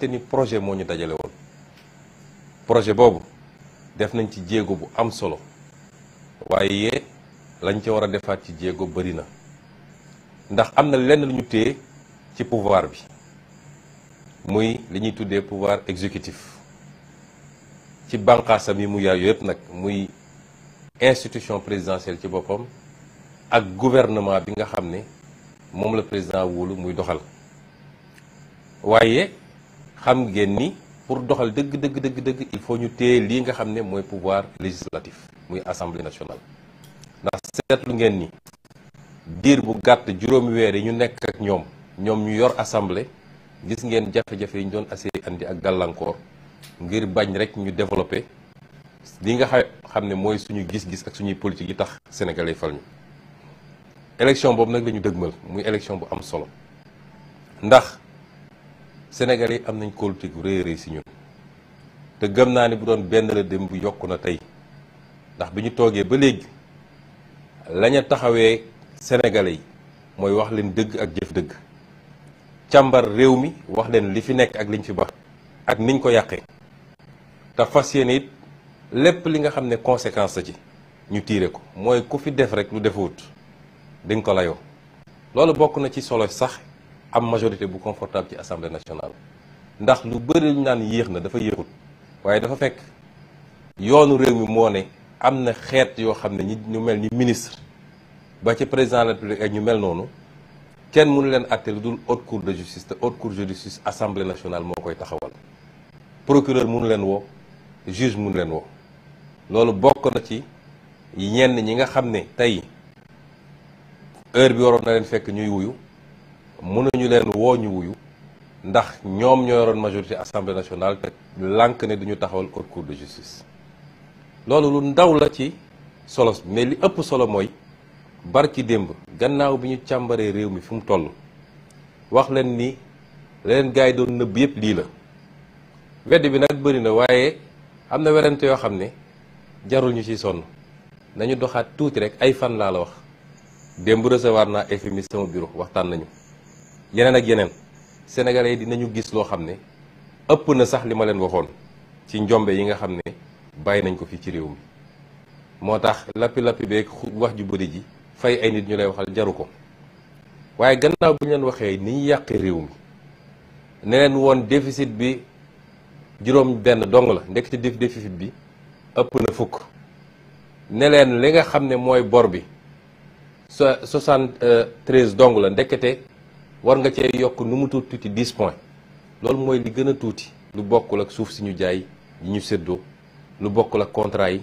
fàtte ni projet moo ñu dajale woon projet boobu def nañ ci jéego bu am solo waaye lañ ca war a defaat ci jéego bëri na ndax am na lenn lu ñu téye ci pouvoir bi muy li ñuy tuddee pouvoir exécutif ci bànqaasam yi mu yaay yëpp nag muy institution présidentielle ci boppam ak gouvernement bi nga xam ne moom la président wóolu muy doxal waaye xam ngeen ni pour doxal dëgg dëgg dëgg dëgg il faut ñu téye lii nga xam ne mooy pouvoir législatif muy assemblée nationale ndax seetlu ngeen ni diir bu gàtt juróomi weer yi ñu nekk ak ñoom ñoom ñu yor assemblée gis ngeen jafe-jafe yi ñu doon assez indi ak gàllankoor ngir bañ rek ñu développé li nga xam ne mooy suñu gis-gis ak suñuy politique yi tax sénégalais fal ñu élection boobu nag lañu ñu dëgmal muy élection bu am solo Sénégalais yi am nañ kóolute gu rëy rëy si ñun te gëm naa ne bu doon benn la bu yokku na tey ndax bi ñu toogee ba léegi lañ taxawee Sénégalais yi mooy wax leen dëgg ak jëf dëgg càmbar réew mi wax leen li fi nekk ak liñ fi ba ak niñ ko yàqee te fas yéene it lépp li nga xam ne conséquence la ci ñu tiire ko mooy ku fi def rek lu defuwut di nga ko layoo loolu bokk na ci solo sax am majorité bu confortable ci assemblée nationale ndax lu bëri ñu naan yéex na dafa yéexut waaye dafa fekk yoonu réew mi moo ne am na xeet yoo xam ne ñi ñu mel ni ministre ba ci président de la ak ñu mel noonu kenn munu leen àtte lu dul haute cour de justice te haute cour de justice assemblée nationale moo koy taxawal procureur mënu leen woo juge mënu leen woo loolu bokk na ci ñenn ñi nga xam ne tey heure bi waroon na leen fekk ñuy wuyu mënuñu leen woo ñu wuyu ndax ñoom ñoo yoroon majorité assemblée nationale te lànk ne duñu taxawal haute cour de justice loolu lu ndaw la ci solo mais li ëpp solo mooy barki démb gannaaw bi ñu càmbaree réew mi fu mu toll wax leen ni leen gars yi doon nëbb yëpp lii la wedd bi nag bëri na waaye am na werante yoo xam ne jarul ñu ciy sonn nañu doxaat tuuti rek ay fan laa la wax démb recevoir naa FMI sama bureau waxtaan nañu yeneen ak yeneen sénégalais yi dinañu gis loo xam ne ëpp na sax li ma leen waxoon ci njombe yi nga xam ne bàyyi nañ ko fii ci réew mi moo tax lappi lappi beeg wax ju bëri ji fay ay nit ñu lay waxal jaru ko waaye gannaaw bi ñu leen waxee ni ñu yàqee réew mi ne leen woon déficit bi juróom benn dong la ndekk ci déficit bi ëpp na fukk ne leen li nga xam ne mooy bor bi soixante treize dong la ndekete war nga cee yokk nu mu tuuti tuuti 10 loolu mooy li gën a tuuti lu bokkul ak suuf suñu jaay yi ñu séddoo lu bokkul ak contrat yi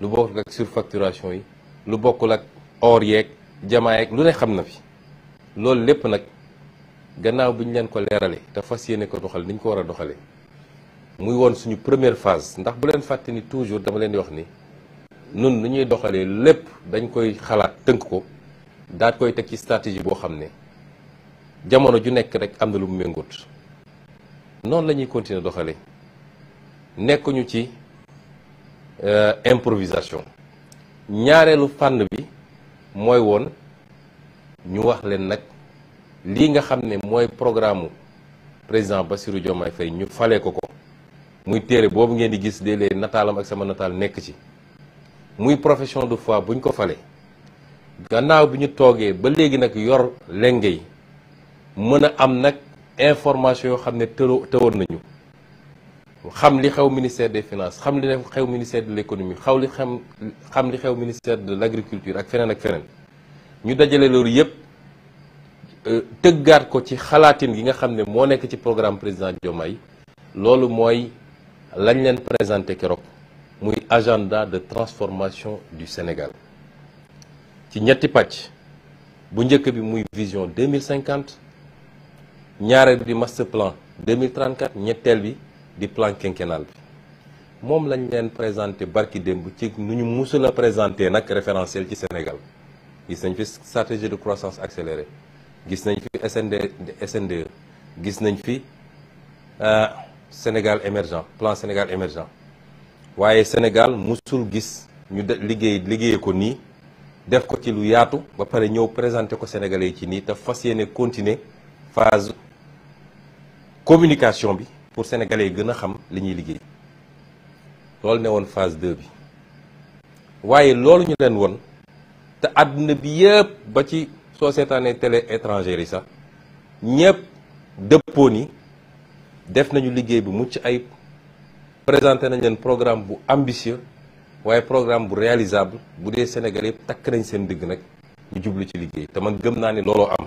lu bokkul ak surfacturation yi lu bokkul ak or yeeg jamaa yeek lu ne xam na fi loolu lépp nag gannaaw bi ñu leen ko leeralee te fas yéene ko doxal ni ko war a doxalee muy woon suñu première phase ndax bu leen fàtte ni toujours dama leen di wax ni nun nu ñuy doxalee lépp dañ koy xalaat tënk ko daat koy teg ci stratégie boo xam ne jamono ju nekk rek am na lu mu méngoot noonu la ñuy continuer doxale nekkuñu ci euh, improvisation ñaareelu fànn bi mooy woon ñu wax leen nag lii nga xam ne mooy programme président Bassirou Diomaye Faye ñu fale ko ko muy téere boobu ngeen di gis léeg-léeg nataalam ak sama nataal nekk ci muy profession de foi buñ ko fale gannaaw bi ñu toogee ba léegi nag yor lenge yi mën a am nag information yoo xam ne tëro tëwoon nañu xam li xew ministère des finances xam li xew ministère de l'économie xaw li xam xam li xew ministère de l'agriculture ak feneen ak feneen ñu dajale loolu yépp euh, tëggaat ko ci xalaatin gi nga xam ne moo nekk ci programme président Diomaye loolu mooy lañ leen présenté keroog muy agenda de transformation du Sénégal ci ñetti pàcc bu njëkk bi muy vision 2050 ñaareel bi di master plan 2034 ñetteel bi di plan quinquennal bi moom lañ leen présenté barki démb ci nu ñu musul a nag référentiel ci Sénégal gis nañ fi stratégie de croissance accélérée gis nañ fi SND SNDE gis nañ fi euh, Sénégal émergent plan Sénégal émergent waaye Sénégal musul gis ñu de liggéey liggéey ko nii def ko ci lu yaatu ba pare ñëw présenté ko Sénégalais yi ci nii te fas yéene continuer phase communication bi pour sénégalais yi gën a xam li ñuy liggéey loolu ne phase 2 bi waaye loolu ñu leen woon te àdduna bi yëpp ba ci soo seetaanee télé étrangère yi sax ñëpp dëppoo ni def nañu liggéey bu mucc ayib présenté nañ leen programme bu ambitieux waaye programme bu réalisable bu dee sénégalais yëpp takk nañ seen digg nag ñu jublu ci liggéey te man gëm naa ni looloo am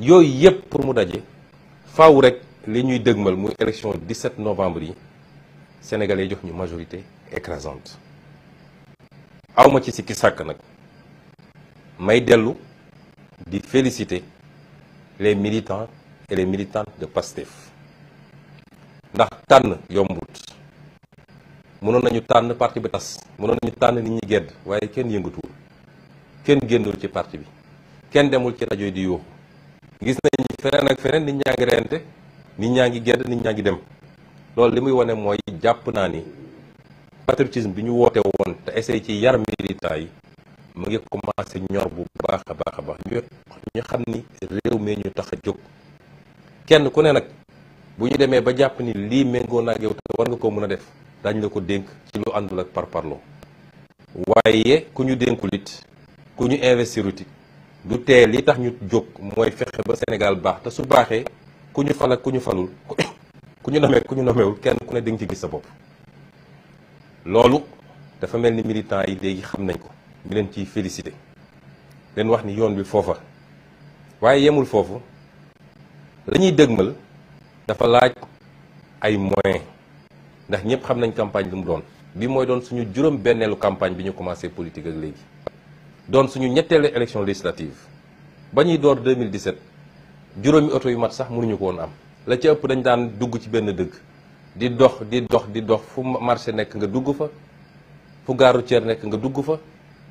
yooyu yëpp pour mu daje faaw rek li ñuy dëgmal muy élection 17 novembre yi sénégalais jox ñu majorité écrasante awma ci sikki sàkk nag may dellu di féliciter les militants et les militantes de PASTEF ndax tànn yombut mënoon nañu tànn parti bi tas mënoon nañu tànn ni ñi gedd waaye kenn yëngatuwul kenn génnul ci parti bi kenn demul ci rajo yi di yuuxu gis nañ feneen ak feneen nit ñaa ngi reyante nit ñaa ngi gedd ni ñaa ngi dem loolu li muy wane mooy jàpp naa ni patriotisme bi ñu woote woon te essayé ci yar militant yi mu ngi commencé ñor bu baax a baax a baax ñu xam ni réew mi ñu tax a jóg kenn ku ne nag bu ñu demee ba jàpp ni lii méngoo naag yow te war nga ko mën a def daañu la ko dénk ci lu àndul ak parparloo waaye ku ñu dénkulit ku ñu investir du tee li tax ñu jóg mooy fexe ba Sénégal baax te su baaxee ku ñu fal ak ku ñu falul ku ñu nomee ku ñu nomeewul kenn ku ne di nga ci gis sa bopp loolu dafa mel ni militants yi léegi xam nañ ko ñu leen ciy félicité leen wax ni yoon bi foofa waaye yemul foofu lañuy ñuy dëgmal dafa laaj ay moyens ndax ñëpp xam nañ campagne bi mu doon bi mooy doon suñu juróom benneelu campagne bi ñu commencé politique ak léegi doon suñu ñetteelu élection législative ba ñuy door 2017 juróomi oto yu mat sax mënuñu ko woon am la ca ëpp dañu daan dugg ci benn dëkk di dox di dox di dox fu marché nekk nga dugg fa fu gaaru routière nekk nga dugg fa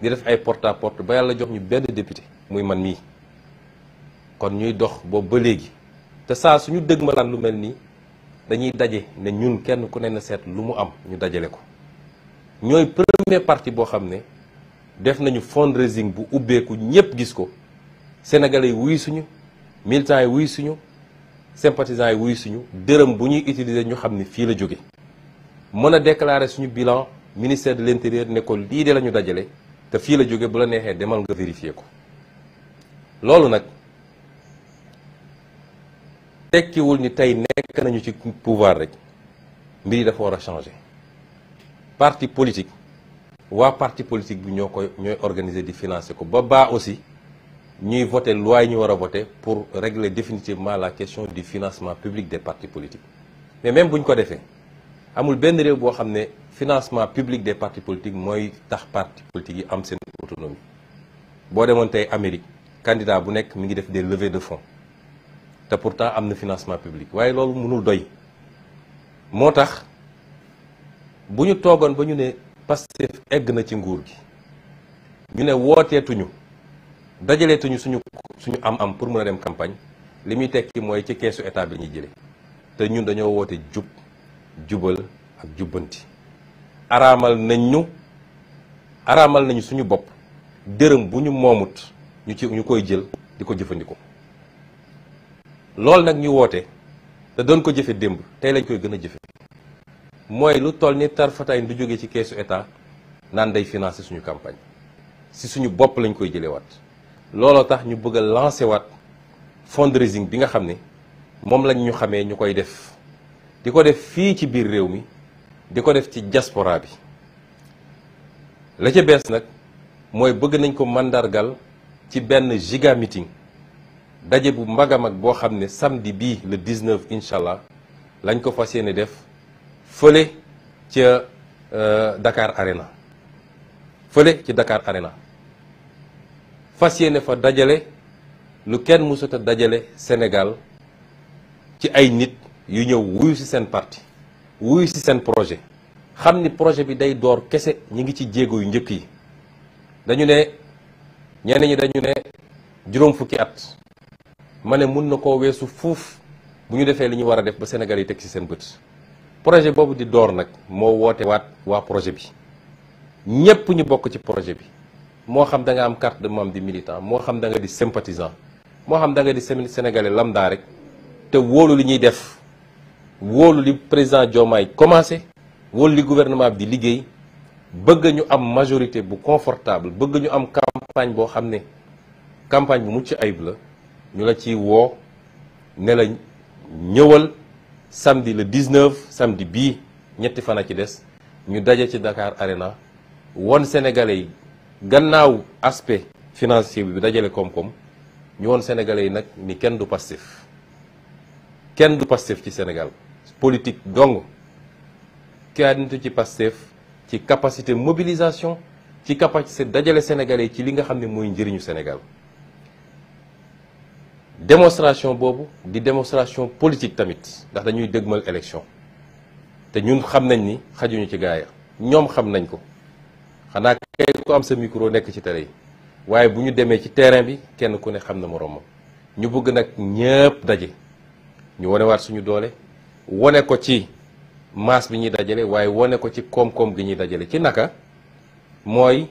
di def ay porte à porte ba yàlla jox ñu benn député muy man mii kon ñuy dox boobu ba léegi te saa suñu dëgg ma laan lu mel nii dañuy daje ne ñun kenn ku ne na seet lu mu am ñu dajale ko ñooy premier partie boo xam ne def nañu fundraising bu ubbeeku ñëpp gis ko sénégal yi wuy suñu militants yi wuy suñu sympathisants yi wuy suñu dërëm bu ñuy utiliser ñu xam ni fii la jóge mën a déclarer suñu bilan ministère de l'intérieur ne ko lii de la ñu dajale te fii la jóge bu la neexee demal nga vérifier ko loolu nag tekkiwul ni tey nekk nañu ci pouvoir rek mbir yi dafa war a changé parti politique waa parti politique bi ñoo koy ñooy organiser di financer ko ba baa aussi ñuy voter loi yi ñu war a voter pour régler définitivement la question du financement public des partis politiques mais même bu ñu ko defee amul benn réew boo xam ne financement public des partis politiques mooy tax partis politiques yi am seen autonomie boo demoon tey Amérique candidat bu nekk mi ngi def des levées de fonds te pourtant am na financement public waaye loolu mënul doy moo tax Pastef egg na ci nguur gi ñu ne wooteetuñu dajaleetuñu suñu suñu am-am pour mën a dem campagne li muy tekki mooy ci keesu état bi ñuy jëlee te ñun dañoo woote jub jubal ak jubbanti araamal nañ ñu araamal nañu suñu bopp dërëm bu ñu moomut ñu ci ñu koy jël di ko jëfandikoo loolu nag ñu woote te doon ko jëfe démb tey lañ koy gën a jëfe mooy lu toll ni tarfataay du jóge ci keesu état naan day financer suñu campagne si suñu bopp lañ koy waat looloo tax ñu bëgg a lancer waat fundraising bi nga xam ne moom lañ ñu xamee ñu koy def di ko def fii ci biir réew mi di ko def ci diaspora bi la ci bees nag mooy bëgg nañ ko mandargal ci benn giga meeting daje bu mag a mag boo xam ne samedi bi le 19 incha allah lañ ko fas yéene def fële ca euh, Dakar Arena fële ci Dakar Arena fas yéene fa dajale lu kenn mësut dajale Sénégal ci ay nit yu ñëw wuyu ci seen parti wuyu ci seen projet xam ni projet bi day door kese ñi ngi ci jéego yu njëkk yi dañu ne ñenn ñi dañu ne juróom fukki at ma ne mun na koo weesu fuuf bu ñu defee li ñu war a def ba Sénégal yi teg ci seen bët projet boobu di door nag moo woote waa projet bi ñépp ñu bokk ci projet bi moo xam da am carte de membre di militant moo xam da nga di sympathisant moo xam da nga di sénégalais lambda rek te wóolu li ñuy def wóolu li président Diomaye commencé wóolu li gouvernement bi di liggéey bëgg ñu am majorité bu confortable bëgg ñu am campagne boo xam ne campagne bu mucc ayib la ñu la ci woo ne la ñëwal samedi le 19 samedi bii ñetti fan a ci des ñu daje ci Dakar Arena won sénégalais yi gannaaw aspect financier bi dajale koom-koom ñu won sénégalais yi nag ni kenn du Pastef kenn du Pastef ci Sénégal politique dong kenn ci Pastef ci capacité mobilisation ci capacité dajale sénégalais yi ci li nga xam ne mooy njëriñu Sénégal démonstration boobu di démonstration politique tamit ndax dañuy dëgmal élection te ñun xam nañ ni xajuñu ci gaaya ñoom xam nañ ko xanaa kay ku am sa micro nekk ci tere yi waaye bu ñu demee ci terrain bi kenn ku ne xam na moroomam ñu bëgg nag ñëpp daje ñu wanewaat suñu doole wane ko ci masse bi ñuy dajale waaye wane ko ci koom-koom gi ñuy dajale ci naka mooy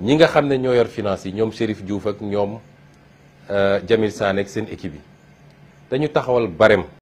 ñi nga xam ne ñoo yor finance yi ñoom Chérif Diouf ak ñoom Jamil Sané ak seen équipe yi dañu taxawal barème